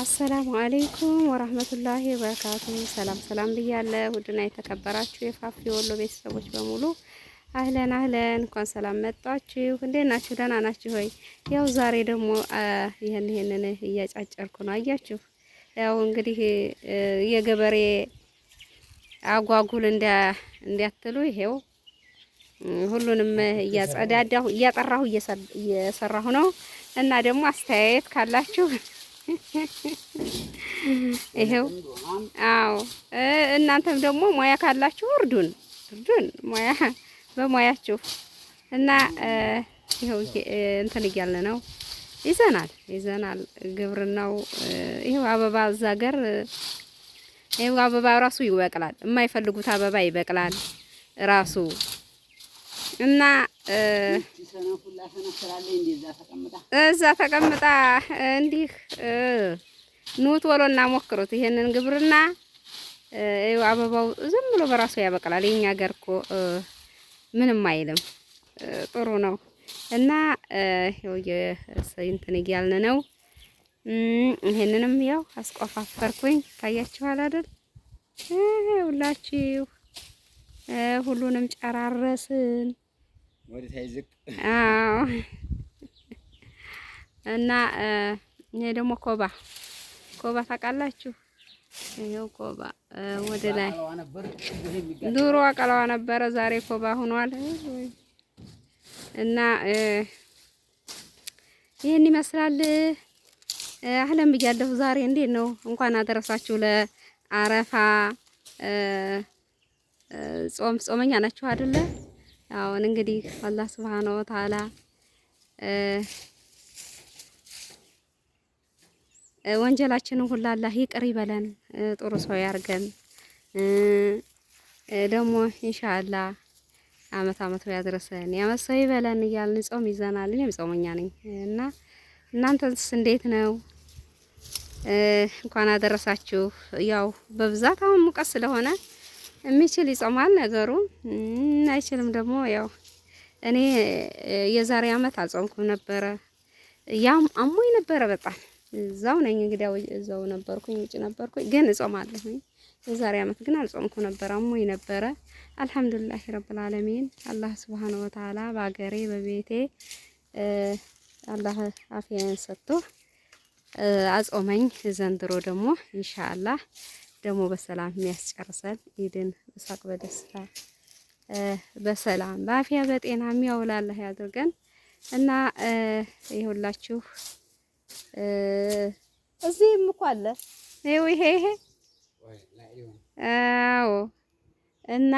አሰላሙ አሌይኩም ወራህመቱላሂ ወበረካቱ። ሰላም ሰላም ብያለሁ። ውድና የተከበራችሁ የፋፊ ወሎ ቤተሰቦች በሙሉ አህለን አህለን፣ እንኳን ሰላም መጣችሁ። እንዴት ናችሁ? ደህና ናችሁ ሆይ? ያው ዛሬ ደግሞ ይህን ይህንን እያጫጨርኩ ነው። አያችሁ፣ ያው እንግዲህ የገበሬ አጓጉል እንዲያትሉ ይሄው ሁሉንም እያጸዳዳሁ እያጠራሁ እየሰራሁ ነው እና ደግሞ አስተያየት ካላችሁ ይሄው አዎ፣ እናንተም ደግሞ ሙያ ካላችሁ እርዱን፣ እርዱን ሙያ በሙያችሁ እና ይሄው እንትን እያልን ነው። ይዘናል፣ ይዘናል። ግብርናው ይሄው አበባ እዛ ሀገር ይሄው አበባ ራሱ ይበቅላል። የማይፈልጉት አበባ ይበቅላል ራሱ እና እዛ ተቀምጣ እንዲህ ኑ ቶሎና ሞክሩት ይሄንን ግብርና። ይኸው አበባው ዝም ብሎ በራሱ ያበቅላል። የኛ ሀገር እኮ ምንም አይልም፣ ጥሩ ነው። እና ይኸው እንትን እያልን ነው። ይሄንንም ያው አስቆፋፈርኩኝ። ታያችኋል አይደል? ሁላችሁ ሁሉንም ጨራረስን። አዎ። እና ይሄ ደግሞ ኮባ ኮባ ታውቃላችሁ? ይሄው ኮባ ወደ ላይ ድሮ አቀለዋ ነበረ፣ ዛሬ ኮባ ሆኗል። እና ይህን ይመስላል። አህለም ብያለሁ። ዛሬ እንዴት ነው? እንኳን አደረሳችሁ ለአረፋ ጾም። ጾመኛ ናችሁ አይደለ? አሁን እንግዲህ አላህ ሱብሃነሁ ወተዓላ ወንጀላችንን ሁላ አላህ ይቅር ይበለን፣ ጥሩ ሰው ያርገን። ደግሞ ኢንሻአላህ አመት አመቱ ያድረሰን፣ ያመት ሰው ይበለን እያልን ጾም ይዘናል። እኔም ጾመኛ ነኝ እና እናንተስ እንዴት ነው? እንኳን አደረሳችሁ። ያው በብዛት አሁን ሙቀት ስለሆነ የሚችል ይጾማል። ነገሩ አይችልም ደግሞ ያው እኔ የዛሬ አመት አልጾምኩም ነበረ። ያም አሞኝ ነበረ በጣም እዛው ነኝ እንግዲያው እዛው ነበርኩኝ፣ ውጭ ነበርኩኝ፣ ግን እጾማለሁ። የዛሬ አመት ግን አልጾምኩ ነበረ፣ አሞኝ ነበረ። አልሐምዱሊላህ ረብል ዓለሚን አላህ ሱብሃነሁ ወተዓላ በአገሬ በቤቴ አላህ አፍያን ሰጥቶ አጾመኝ። ዘንድሮ ደግሞ ኢንሻአላህ ደግሞ በሰላም የሚያስጨርሰን ኢድን እሳቅ በደስታ በሰላም በአፊያ በጤና የሚያውላለህ ያድርገን እና ይሁላችሁ። እዚህም እኮ አለ ይሄ ይሄ አዎ እና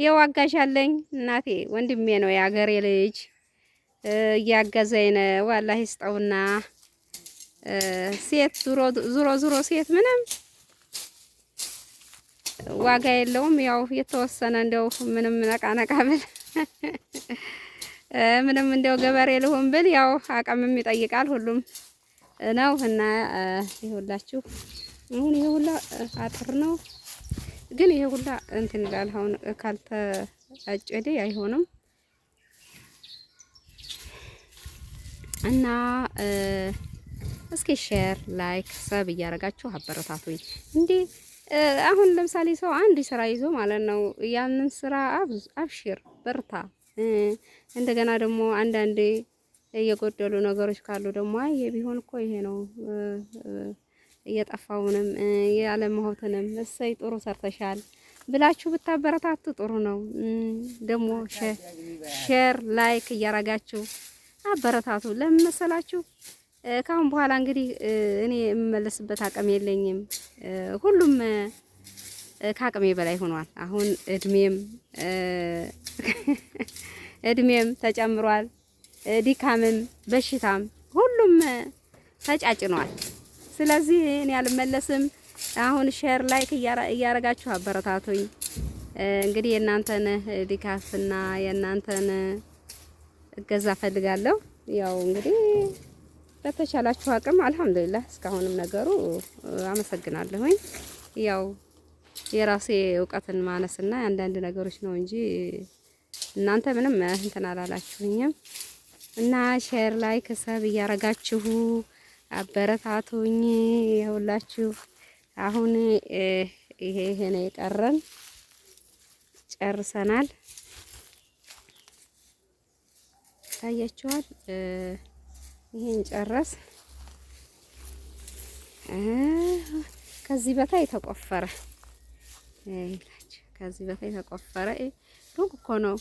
ይኸው አጋዥ አለኝ እናቴ ወንድሜ ነው የአገሬ ልጅ እያገዘኝ ነው። አላህ ይስጠውና ሴት ዙሮ ዙሮ ሴት ምንም ዋጋ የለውም። ያው የተወሰነ እንደው ምንም ነቃ ነቃ ብል ምንም እንደው ገበሬ ልሁን ብል ያው አቅምም ይጠይቃል ሁሉም ነው እና ይሁላችሁ። አሁን ይሄ ሁላ አጥር ነው፣ ግን ይሄ ሁላ እንትን ይላል። አሁን ካልተጨደ አይሆንም እና እስኪ ሼር ላይክ ሰብ እያደረጋችሁ አበረታቱኝ እንዴ አሁን ለምሳሌ ሰው አንድ ስራ ይዞ ማለት ነው ያንን ስራ አብሽር በርታ። እንደገና ደግሞ አንዳንዴ የጎደሉ ነገሮች ካሉ ደግሞ አይ ቢሆን እኮ ይሄ ነው እየጠፋውንም ያለመሆትንም እሰይ ጥሩ ሰርተሻል ብላችሁ ብታበረታቱ ጥሩ ነው። ደግሞ ሼር ላይክ እያረጋችሁ አበረታቱ ለምን መሰላችሁ? ከአሁን በኋላ እንግዲህ እኔ የምመለስበት አቅም የለኝም። ሁሉም ከአቅሜ በላይ ሆኗል። አሁን እድሜም እድሜም ተጨምሯል፣ ድካምም በሽታም ሁሉም ተጫጭኗል። ስለዚህ እኔ አልመለስም። አሁን ሼር ላይክ እያረጋችሁ አበረታቶኝ እንግዲህ የእናንተን ድጋፍና የእናንተን እገዛ ፈልጋለሁ። ያው እንግዲህ በተቻላችሁ አቅም አልሐምዱሊላህ እስካሁንም ነገሩ አመሰግናለሁኝ። ያው የራሴ እውቀትን ማነስና አንዳንድ ነገሮች ነው እንጂ እናንተ ምንም እንትን አላላችሁኝም እና ሼር ላይ ከሰብ እያረጋችሁ አበረታቱኝ። የሁላችሁ አሁን ይሄ ይሄ ነው የቀረን፣ ጨርሰናል። ታያችኋል። ይሄን ጨረስ። ከዚህ በታይ ተቆፈረ ይላች። ከዚህ በታይ ተቆፈረ። ሩቅ እኮ ነው፣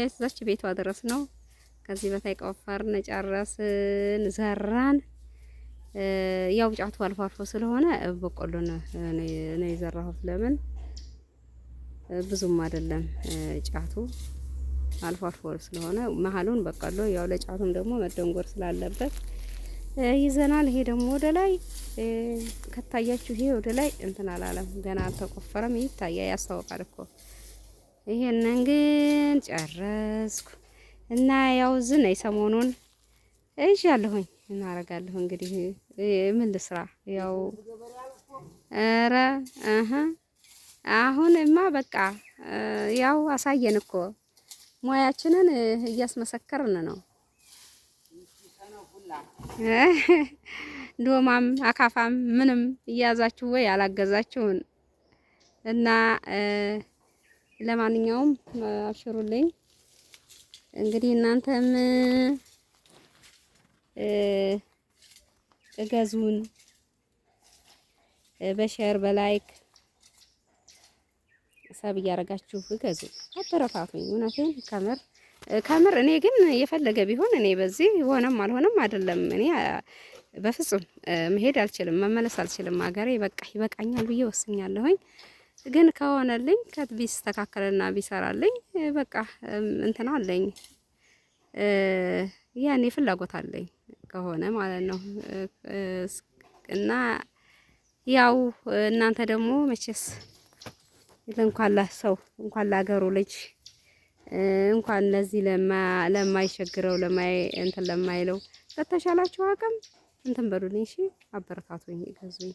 እዛች ቤቷ ድረስ ነው። ከዚህ በታይ ቆፈርን፣ ጨረስን፣ ዘራን። ያው ጫቱ አልፎ አልፎ ስለሆነ በቆሎ ነው የዘራሁት። ለምን ብዙም አይደለም ጫቱ አልፎ አልፎ ስለሆነ መሀሉን በቀሎ ያው ለጫቱም ደግሞ መደንጎር ስላለበት ይዘናል። ይሄ ደግሞ ወደ ላይ ከታያችሁ ይሄ ወደ ላይ እንትን አላለም፣ ገና አልተቆፈረም። ይታያ ያስታውቃል እኮ ይሄንን ግን ጨረስኩ እና ያው ዝን ሰሞኑን እሺ ያለሁኝ እናረጋለሁ። እንግዲህ ምን ልስራ ያው ኧረ አሁንማ በቃ ያው አሳየን እኮ ሙያችንን እያስመሰከርን ነው። ዶማም አካፋም ምንም እያያዛችሁ ወይ አላገዛችሁን እና ለማንኛውም አብሽሩልኝ። እንግዲህ እናንተም እገዙን በሼር በላይክ ሰብ እያደረጋችሁ ገዙ፣ አበረታቱኝ። እውነቴን ከምር ከምር። እኔ ግን የፈለገ ቢሆን እኔ በዚህ ሆነም አልሆነም አይደለም እኔ በፍጹም መሄድ አልችልም፣ መመለስ አልችልም። ሀገሬ በቃ ይበቃኛል ብዬ ወስኛለሁኝ። ግን ከሆነልኝ ቢስተካከልና ቢሰራልኝ በቃ እንትና አለኝ ያኔ ፍላጎት አለኝ ከሆነ ማለት ነው። እና ያው እናንተ ደግሞ መቼስ እንኳን ለሰው እንኳን ለአገሩ ልጅ እንኳን ለዚህ ለማይቸግረው ለማይ እንትን ለማይለው በተሻላችሁ አቅም እንትን በሉልኝ። እሺ አበረታቱኝ፣ ገዙኝ።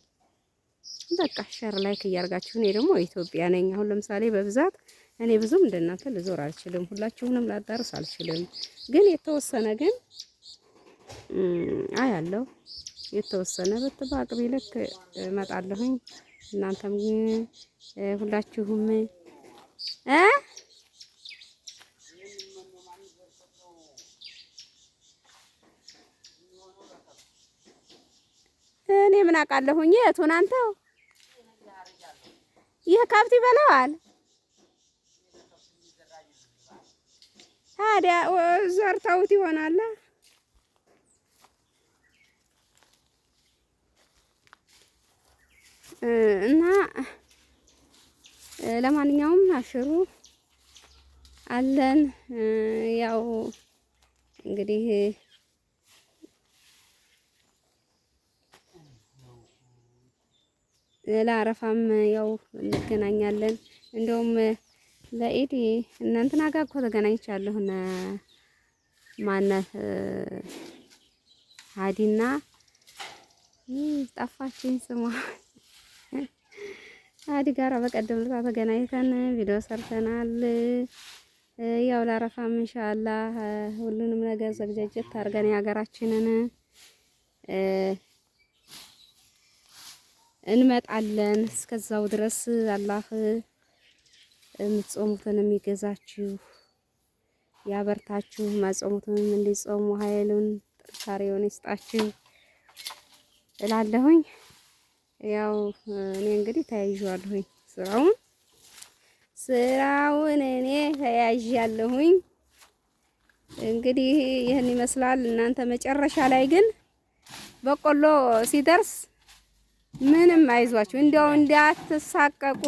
በቃ ሸር ላይክ እያርጋችሁ። እኔ ደግሞ ኢትዮጵያ ነኝ። አሁን ለምሳሌ በብዛት እኔ ብዙም እንደናንተ ልዞር አልችልም፣ ሁላችሁንም ላዳርስ አልችልም። ግን የተወሰነ ግን አያለው የተወሰነ በትባቅቢ ልክ እመጣለሁኝ። እናንተም ሁላችሁም እ እኔ ምን አውቃለሁኝ? የቱን አንተው ይህ ከብት ይበላዋል። ታዲያ ዞር ይሆናል። እና ለማንኛውም አሽሩ አለን ያው እንግዲህ ለአረፋም ያው እንገናኛለን። እንደውም ለኢድ እናንተና ጋር እኮ ተገናኝቻለሁ። ማነት ሀዲና ጠፋችኝ ስሟ አዲ ጋራ በቀደም ለታ ተገናኝተን ቪዲዮ ሰርተናል። ያው ለአረፋም ኢንሻአላህ ሁሉንም ነገር ዘግጀጀት አድርገን የሀገራችንን እንመጣለን። እስከዛው ድረስ አላህ የምትጾሙትን የሚገዛችሁ ያበርታችሁ፣ ማጾሙትን እንዲጾሙ ኃይሉን ጥንካሬውን ይስጣችሁ እላለሁኝ። ያው እኔ እንግዲህ ተያይዣለሁኝ ስራውን ስራውን እኔ ተያይዣለሁኝ። እንግዲህ ይህን ይመስላል። እናንተ መጨረሻ ላይ ግን በቆሎ ሲደርስ ምንም አይዟችሁ፣ እንዲያው እንዳትሳቀቁ።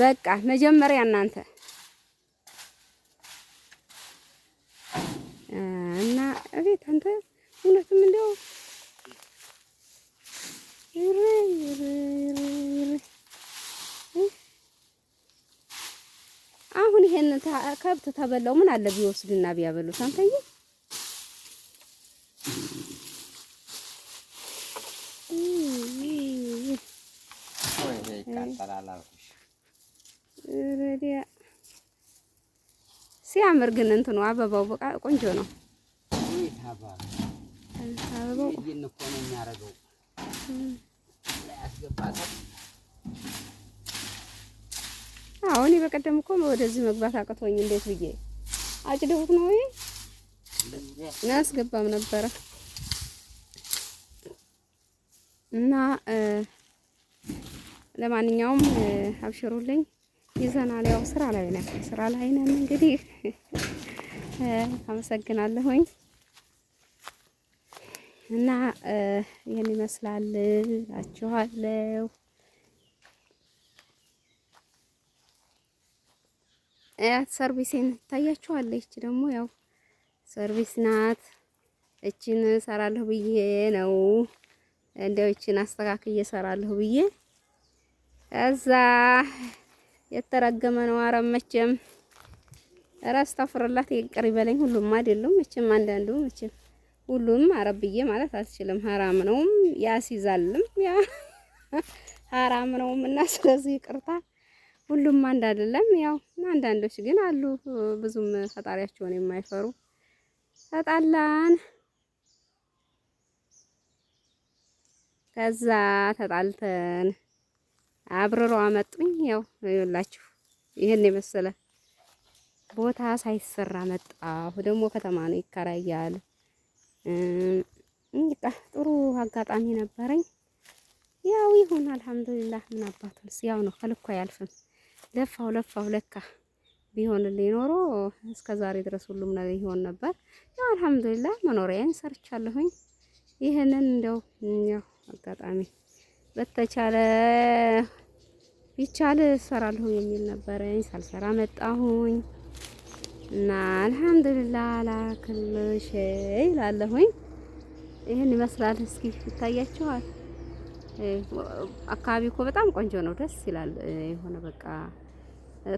በቃ መጀመሪያ እናንተ ከብት ተበላው ምን አለ ቢወስድና ቢያበሉት አንተዬ ሲያምር ግን እንትኑ አበባው በቃ ቆንጆ ነው። አበባው አዎ እኔ በቀደም እኮ ወደዚህ መግባት አቅቶኝ እንዴት ብዬ አጭደውት ነው ወይ አስገባም ነበረ እና ለማንኛውም አብሽሩልኝ። ይዘናል። ያው ስራ ላይ ነን፣ ስራ ላይ ነን። እንግዲህ አመሰግናለሁኝ እና ይህን ይመስላል እያት ሰርቪሴን ታያችኋል። ይቺ ደግሞ ያው ሰርቪስ ናት። እቺን ሰራለሁ ብዬ ነው እንደው እቺን አስተካክዬ እሰራለሁ ብዬ እዛ የተረገመ ነው። አረ መቼም ራስ ታፍርላት ይቅር ይበለኝ። ሁሉም አይደለም መቼም አንዳንዱ መቼም ሁሉም አረብዬ ማለት አልችልም። ሀራም ነውም ያስይዛልም ያ ሀራም ነውም እና ስለዚህ ይቅርታ ሁሉም አንድ አይደለም። ያው አንዳንዶች ግን አሉ ብዙም ፈጣሪያቸውን የማይፈሩ ተጣላን። ከዛ ተጣልተን አብረሮ አመጡኝ። ያው ይኸውላችሁ ይሄን የመሰለ ቦታ ሳይሰራ መጣሁ። ደግሞ ከተማ ነው ይከራያል። እንግዳ ጥሩ አጋጣሚ ነበረኝ። ያው ይሁን አልሐምዱሊላህ። ምን አባቱ ያው ነው ከልኮ አያልፍም። ለፋው ለፋው ለካ ቢሆንልኝ ኖሮ እስከ ዛሬ ድረስ ሁሉም ነገር ይሆን ነበር። ያው አልሐምዱሊላህ መኖሪያን ሰርቻለሁኝ። ይህንን እንደው ያው አጋጣሚ በተቻለ ቢቻል እሰራለሁ የሚል ነበረኝ ሳልሰራ መጣሁኝ እና አልሐምዱሊላህ ላክል ሸይ ላለሁኝ ይህን ይመስላል። እስኪ ይታያችኋል። አካባቢ እኮ በጣም ቆንጆ ነው፣ ደስ ይላል። የሆነ በቃ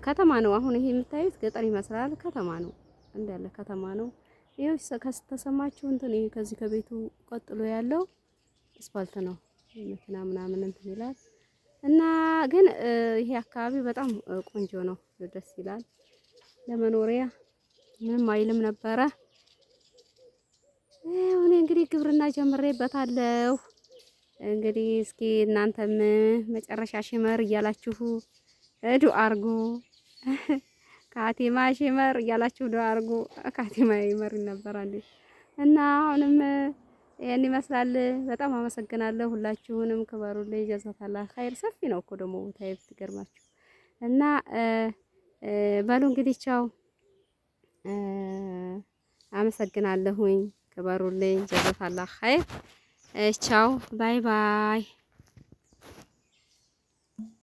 ከተማ ነው። አሁን ይሄ የምታዩት ገጠር ይመስላል፣ ከተማ ነው እንዳለ ከተማ ነው። ይሄው ከተሰማችሁ እንትን ይሄ ከዚህ ከቤቱ ቀጥሎ ያለው አስፋልት ነው። መኪና ምናምን እንትን ይላል እና ግን ይሄ አካባቢ በጣም ቆንጆ ነው፣ ደስ ይላል ለመኖሪያ ምንም አይልም ነበረ። እኔ እንግዲህ ግብርና ጀምሬበታለሁ። እንግዲህ እስኪ እናንተም መጨረሻ ሽመር እያላችሁ ዱ አርጉ ካቲማ ሽመር እያላችሁ ዱ አርጉ ካቲማ ይመር ይነበራል እና አሁንም ይሄን ይመስላል። በጣም አመሰግናለሁ። ሁላችሁንም ክበሩልኝ። ጀዛታላ ኸይር። ሰፊ ነው እኮ ደግሞ ቦታዬ ብትገርማችሁ። እና በሉ እንግዲህ ቻው። አመሰግናለሁኝ። ክበሩልኝ። ጀዛታላ ኸይር። ቻው። ባይ ባይ።